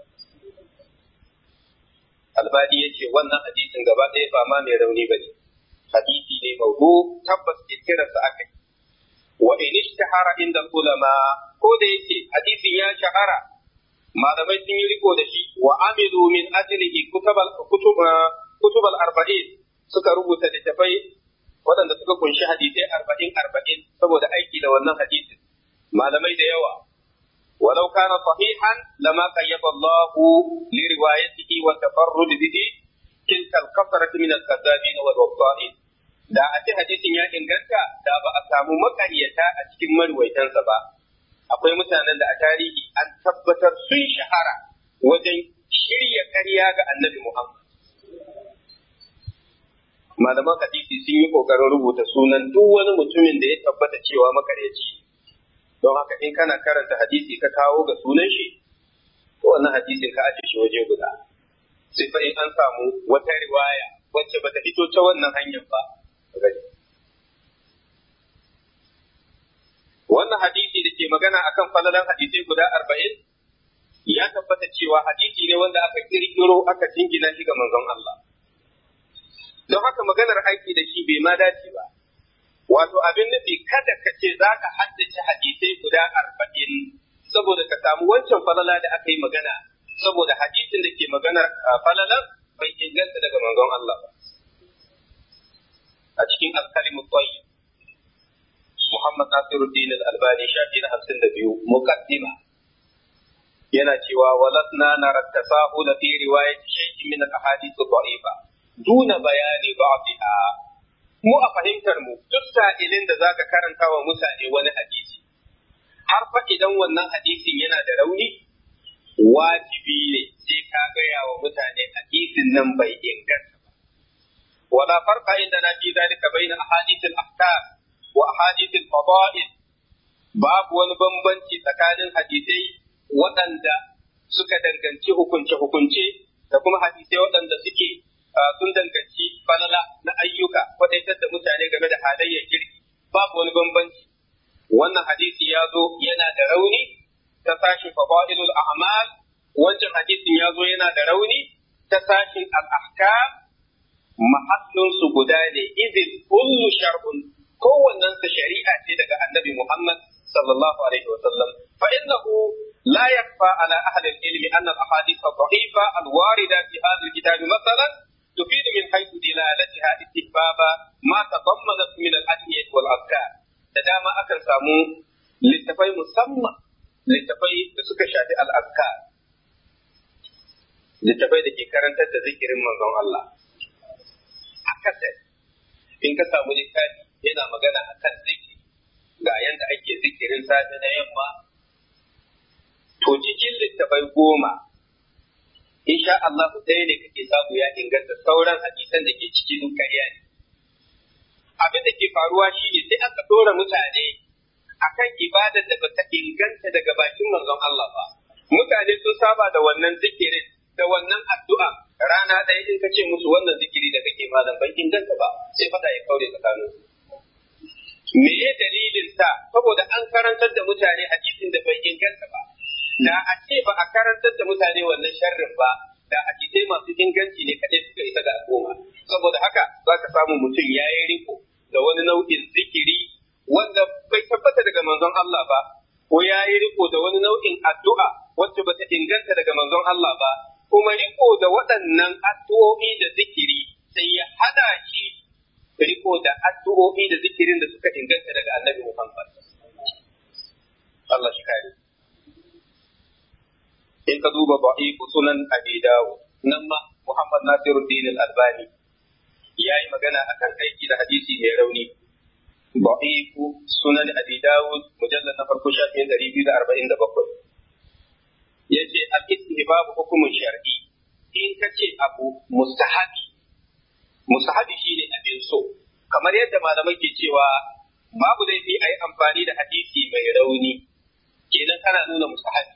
albadi ya ce wannan hadisin gaba ɗaya ba ma mai rauni ba ne hadisi ne mawdu tabbas kirkirar da aka yi wa in ishtahara inda ulama ko da yake hadisin ya shahara malamai sun yi riko da shi wa amilu min ajlihi kutubal kutubal arba'in suka rubuta littafai waɗanda suka kunshi hadisai arba'in arba'in saboda aiki da wannan hadisin malamai da yawa ولو كان صحيحا لما قيد الله لروايته والتفرد به تلك الكثرة من الكذابين والوضائين da a ce hadisin ya inganta da ba a samu makaryata a cikin marwaitansa ba akwai mutanen da a tarihi an tabbatar sun shahara wajen shirya karya ga annabi Muhammad malaman hadisi sun yi kokarin rubuta sunan duk wani mutumin da ya tabbata cewa makaryaci don haka in kana karanta hadisi ka kawo ga sunan shi to wannan hadisin ka ajiye shi waje guda sai fa in an samu wata riwaya wacce bata fito ta wannan hanyar ba wannan hadisi da ke magana akan falalan hadisai guda arba'in ya tabbata cewa hadisi ne wanda aka kirkiro aka jingina shi ga manzon Allah don haka maganar aiki da shi bai ma dace ba wato abin nufi kada ka ce za ka haddace hadisai guda arba'in saboda ka samu wancan falala da aka yi magana saboda hadisin da ke maganar ah, falalan bai inganta daga manzon Allah ba a cikin alkalimu tsayi Muhammad Nasiruddin Al-Albani shafi na hamsin da biyu muqaddima yana cewa walasna nara tasahula fi riwayati shay'in min al-ahadith ad duna bayani ba'dha mu a fahimtar mu duk sa'ilin da zaka karanta wa mutane wani hadisi har fa idan wannan hadisin yana da rauni wajibi ne sai ka gaya wa mutane hadisin nan bai inganta ولا فرق عندنا في ذلك بين أحاديث الأحكام وأحاديث الفضائل باب ونبنبنتي تكان حديثي وأندى suka danganci hukunce-hukunce da kuma hadisai waɗanda suke sun danganci falala na ayyuka waɗaitar da mutane game da halayyar kirki babu wani bambanci wannan hadisi ya zo yana da rauni ta sashin fadailul a'mal wancan hadisin ya zo yana da rauni ta sashin al-ahkam mahallinsu guda ne idin kullu shar'un kowannen sa shari'a ce daga annabi Muhammad sallallahu alaihi wasallam fa innahu la yakfa ala ahli al-ilmi anna al-ahadith ad-da'ifa al-warida fi hadha al-kitab mathalan تفيد من حيث دلالتها استحباب ما تضمنت من الأدعية والأذكار تدام أكل سامو littafai musamman littafai da suka shafi al'aska littafai da ke karantar da zikirin manzon Allah kasar in ka samu littafi yana magana akan zikiri ga yadda ake zikirin safe na yamma to cikin littafai goma insha Allah ɗaya ne kake samu ya inganta sauran hadisan da ke cikin karya ne abin da ke faruwa shine sai aka ɗora mutane akan ibadar da bata inganta daga bakin manzon Allah ba mutane sun saba da wannan zikirin da wannan addu'a rana ɗaya in ka ce musu wannan zikiri da kake malam ban inganta ba sai fada ya kaure tsakanin me ye dalilin sa saboda an karantar da mutane hadisin da bai inganta ba da a ce ba a karantar da mutane wannan sharrin ba da hadisai masu inganci ne kaɗai suka isa ga al'umma saboda haka za ka samu mutum ya yi riko da wani nau'in zikiri wanda bai tabbata daga manzon Allah ba ko ya yi riko da wani nau'in addu'a wacce ba ta inganta daga manzon Allah ba kuma riko da waɗannan addu'o'i da zikiri sai ya haɗa shi riko da addu'o'i da zikirin da suka inganta daga annabi Muhammad. Allah shi kare. In ka duba ba'iku sunan Abi Dawud nan ma Muhammad Nasiru, Al-Albani ya yi magana a kan aiki da hadisi mai rauni. Ba'iku sunan Abi Dawud mujallal na farko shafin 247. ya ce al babu hukumin shar'i in ka ce abu mustahabi mustahabi shine abin so kamar yadda malamai ke cewa babu laifi a yi amfani da hadisi mai rauni kenan kana nuna mustahabi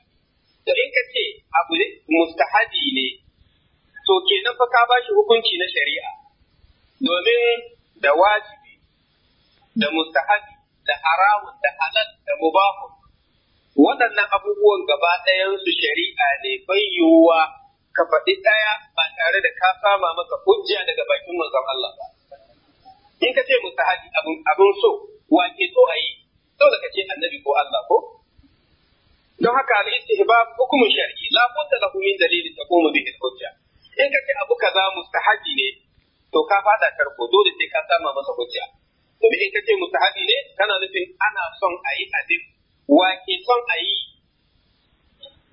to in ka ce abu mustahabi ne to kenan fa ka ba shi hukunci na shari'a domin da wajibi da mustahabi da haramun da halal da mubahun waɗannan abubuwan gaba ɗayansu shari'a ne bayyuwa ka faɗi ɗaya ba tare da ka sama maka hujja daga bakin manzon Allah ba. In ka ce musu haɗi abin so, wake so a yi, so da ka ce annabi ko Allah ko? Don haka al ba hukumin shar'i la da lahu min dalilin taqumu bihi hujja. In ka ce abu kaza haɗi ne, to ka faɗa tarko dole sai ka sama masa hujja. Domin in ka ce haɗi ne, kana nufin ana son a yi abin wa ke son a yi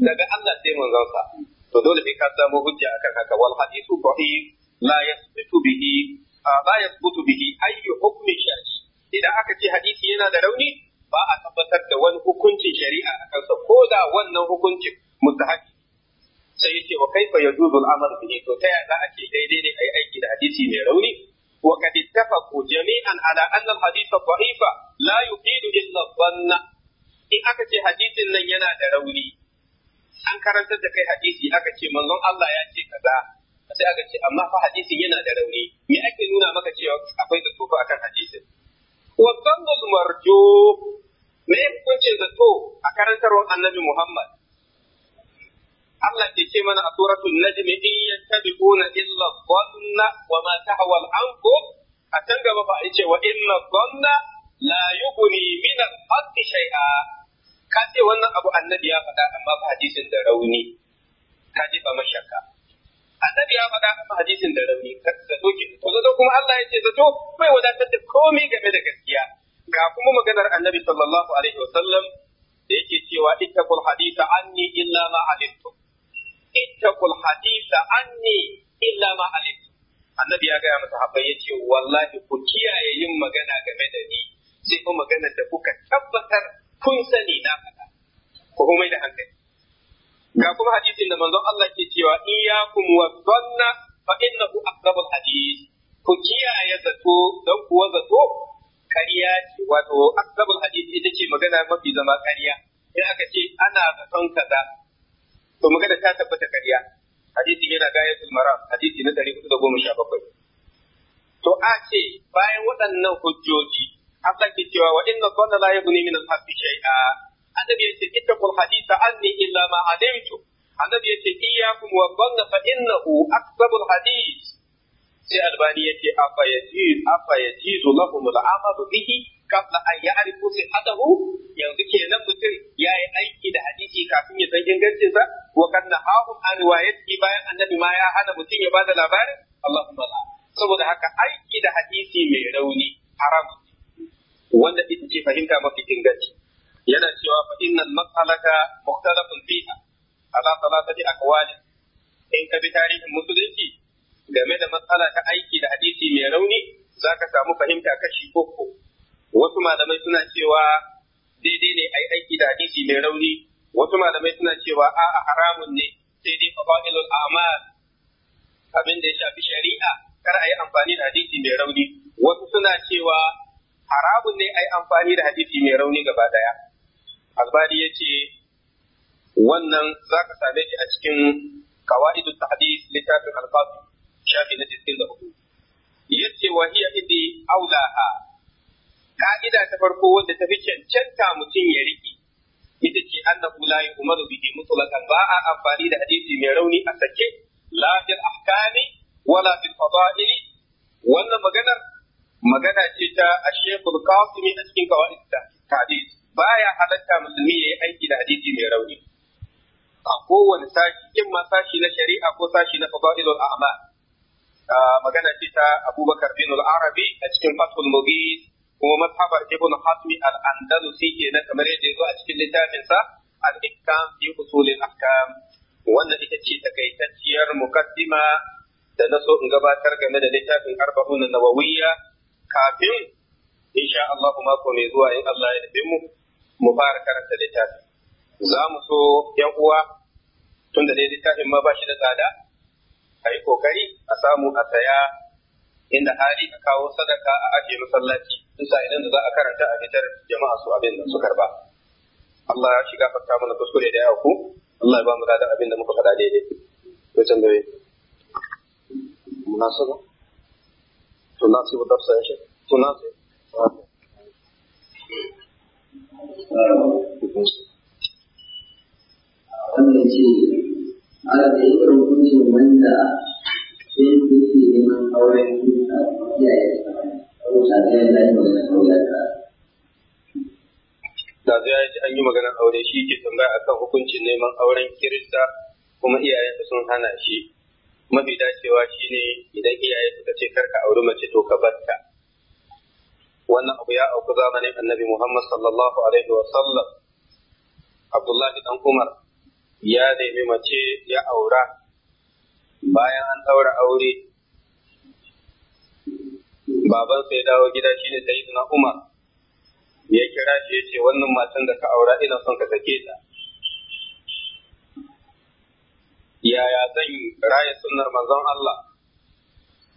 daga Allah sai manzonsa to dole sai ka samu hujja akan haka wal hadithu sahih la yasbutu bihi la yasbutu bihi ayyu hukmi shar'i idan aka ce hadisi yana da rauni ba a tabbatar da wani hukuncin shari'a a kansa ko da wannan hukuncin mustahabi sai yace wa kaifa yajuzu al-amal bihi to ta yaya za a ce daidai ne ayi aiki da hadisi mai rauni wa qad ittafaqu jami'an ala anna al-hadith dha'ifa la yuqidu illa dhanna in aka ce hadisin nan yana da rauni an karantar da kai hadisi aka ce manzon Allah ya ce kaza sai aka ce amma fa hadisin yana da rauni me ake nuna maka cewa akwai da tofa akan hadisin wa dhanul marju me hukuncin da to a karantarwar annabi Muhammad Allah ke ce mana a suratul najm in yattabi'una illa dhanna wa ma tahwa al-anfus a can gaba ba a ce wa inna dhanna la yughni min al-haqqi shay'a ka ce wannan abu annabi ya faɗa amma ba hadisin da rauni ka jefa masa shakka annabi ya faɗa amma hadisin da rauni ka doke to zato kuma Allah ya ce zato bai wadatar da komai game da gaskiya ga kuma maganar annabi sallallahu alaihi wa sallam da yake cewa ittaqul hadisa anni illa ma alimtu ittaqul haditha anni illa ma alimtu annabi ya gaya masa haɓa ya ce wallahi ku kiyaye yin magana game da ni sai kuma maganar da kuka tabbatar kun sani na faɗa ku kuma da hankali ga kuma hadisin da manzon Allah ke cewa iyyakum wa dhanna fa innahu aqrabul hadith ku kiyaye zato dan kuwa zato kariya ce wato aqrabul hadis ita ce magana mafi zama kariya in aka ce ana zaton kaza to magana ta tabbata kariya hadisi yana gayatul maram hadisi na 317 to a ce bayan waɗannan hujjoji Allah ke cewa wa inna dhanna la yughni min al-haqq shay'a annabi yace ittaqul haditha anni illa ma alimtu annabi yace iyyakum wa dhanna fa innahu al hadith sai albani yace afa yajiz afa yajiz lahum al-amal bihi qabla an ya'rifu sihhatahu yanzu kenan mutum yayi aiki da hadisi kafin ya san ingancin sa wa kanna hahum an riwayati bayan annabi ma ya hana mutum ya bada labarin Allahumma la saboda haka aiki da hadisi mai rauni haram wanda ita ce fahimta mafi inganci yana cewa fa innal mas'alaka mukhtalafun fiha ala salatati aqwali in ka bi tarihin musulunci game da matsala ta aiki da hadisi mai rauni zaka samu fahimta kashi uku wasu malamai suna cewa daidai ne ai aiki da hadisi mai rauni wasu malamai suna cewa a'a haramun ne sai dai fadailul a'mal abin da ya shafi shari'a kar a yi amfani da hadisi mai rauni wasu suna cewa haramun ne ai amfani da hadisi mai rauni gaba daya albani yace wannan zaka same shi a cikin qawaidut tahdith littafin al-qasim shafi na 94 yace wa hiya idi aulaha ka'ida ta farko wanda ta fi cancanta mutum ya riƙe ita ce annahu la yu'maru bihi mutlaqan ba a amfani da hadisi mai rauni a sake la fil ahkami wala fil fada'ili wannan maganar magana ce ta a ashekul kasumi a cikin kawai da hadisi ya halatta musulmi ya yi aiki da hadisi mai rauni a kowane sashi in ma sashi na shari'a ko sashi na fadailul a'ma magana ce ta abubakar bin al-arabi a cikin fathul mubin kuma mazhabar ibn hasmi al-andalusi kenan kamar yadda ya zo a cikin littafin sa al-ihkam fi usul al-ahkam wannan ita ce takaitacciyar mukaddima da na so in gabatar game da littafin arba'un nawawiyya kafin insha Allah mako mai zuwa in Allah ya dabe mu mu fara karanta littafi za mu so yan uwa tun da dai littafin ma ba shi da tsada a yi kokari a samu a saya inda hali a kawo sadaka a ajiye masallaci bisa idan za a karanta a fitar jama'a su abin da su karba Allah ya shiga fata mana kuskure da yawa ku Allah ya ba mu da abin da muka faɗa daidai to tambaye munasaba tunasi wa tunasi ce da yi wanda neman auren ya yi ya an yi maganar aure shi ke tambaya akan hukuncin neman auren kirista kuma iyayensa sun hana shi mafi dacewa shine idan iyaye suka ce karka auri mace to ka barta wannan abu ya auku zamanin annabi Muhammad sallallahu alaihi wa sallam Abdullahi dan Umar ya nemi mace ya aura bayan an ɗaura aure baban sai dawo gida shine sayyidina Umar ya kira shi ya ce wannan matan da ka aura ina son ka sake ta yaya zan raya sunnar manzon Allah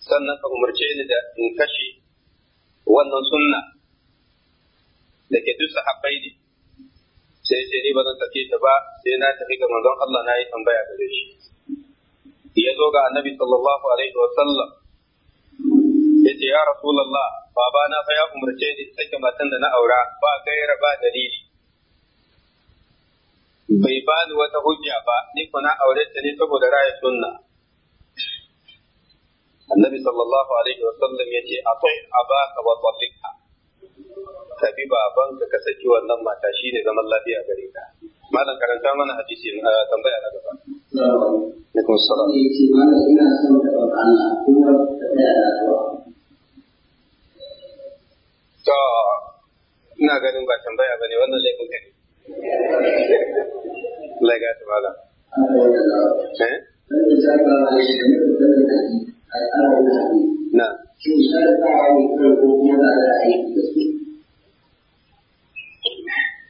sannan ka umarce ni da in kashe wannan sunna da ke duk sahabbai ne sai ce ni ba zan sake ta ba sai na tafi ga manzon Allah na yi tambaya gare shi ya zo ga annabi sallallahu alaihi wa sallam ya ce ya rasulullah babana fa ya umarce ni sake matan da na aura ba gaira ba dalili bai bani wata hujja ba ni kuna aure ta ne saboda raya sunna annabi sallallahu alaihi wasallam ya ce akwai abaka wa tsallika ka bi babanka ka saki wannan mata shine zaman lafiya gare ka malam karanta mana hadisi na tambaya na gaba alaikum salam ina son ba Allah kuma ka to ina ganin ba tambaya bane wannan laifin kai Allah ya ta eh? Na.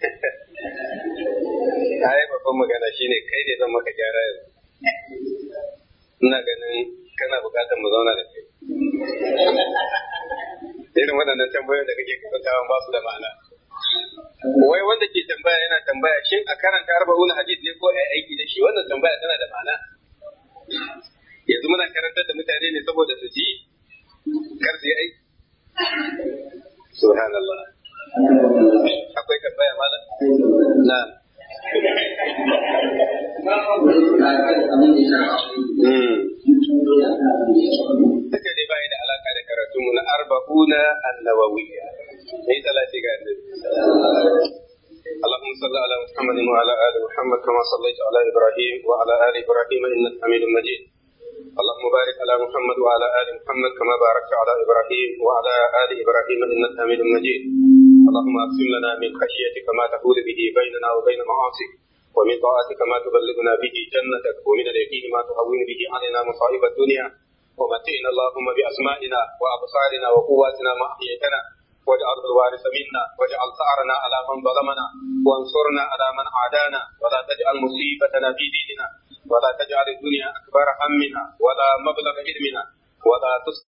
<laughs> Ai babban magana shine kai ne zan maka gyara yau. Ina ganin kana bukatar mu zauna da kai. Irin waɗannan tambayoyin da kake kasantawa ba su da ma'ana. wai wanda ke tambaya yana tambaya shin a karanta arba'un hadith ne ko ai aiki da shi wannan tambaya tana da ma'ana yanzu muna karanta da mutane ne saboda su ji kar su yi aiki subhanallah akwai tambaya malam na Suka hmm. dai bai da alaƙa da karatunmu na arba'una annawawiyya. ثلاثة اللهم صل على محمد وعلى آل محمد كما صليت على إبراهيم وعلى آل إبراهيم إنك حميد مجيد اللهم بارك على محمد وعلى آل محمد كما باركت على إبراهيم وعلى آل إبراهيم إنك حميد مجيد اللهم اقسم لنا من خشيتك ما تحول به بيننا وبين معاصيك ومن طاعتك ما تبلغنا به جنتك ومن اليقين ما تهون به علينا مصائب الدنيا ومتئنا اللهم بأسمائنا وأبصارنا وقواتنا ما أحييتنا واجعل الوارث منا واجعل ثأرنا على من ظلمنا وانصرنا على من عادانا ولا تجعل مصيبتنا في ديننا ولا تجعل الدنيا أكبر همنا ولا مبلغ علمنا ولا تسقط